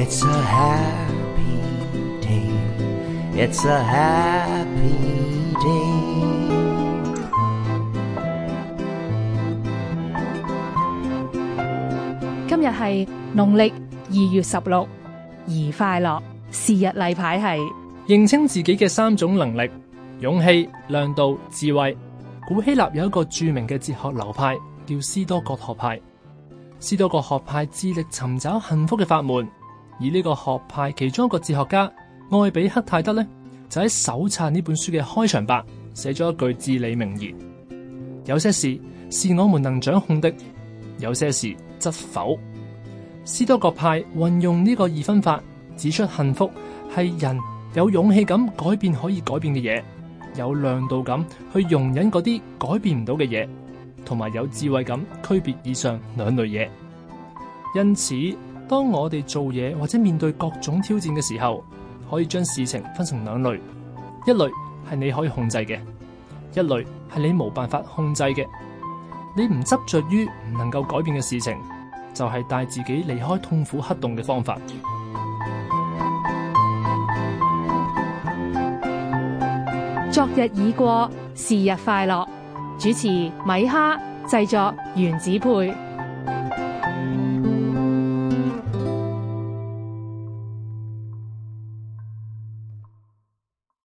It's It's a happy day a happy day。今日係農曆二月十六，宜快樂日是日例牌係認清自己嘅三種能力：勇氣、量度、智慧。古希臘有一個著名嘅哲學流派叫斯多葛學派，斯多葛學派致力尋找幸福嘅法門。以呢個學派其中一個哲學家愛比克泰德咧，就喺手冊呢本書嘅開場白寫咗一句至理名言：有些事是我們能掌控的，有些事則否。斯多葛派運用呢個二分法，指出幸福係人有勇氣咁改變可以改變嘅嘢，有量度咁去容忍嗰啲改變唔到嘅嘢，同埋有智慧咁區別以上兩類嘢。因此。當我哋做嘢或者面對各種挑戰嘅時候，可以將事情分成兩類，一類係你可以控制嘅，一類係你冇辦法控制嘅。你唔執着於唔能夠改變嘅事情，就係帶自己離開痛苦黑洞嘅方法。昨日已過，是日快樂。主持米哈，製作原子配。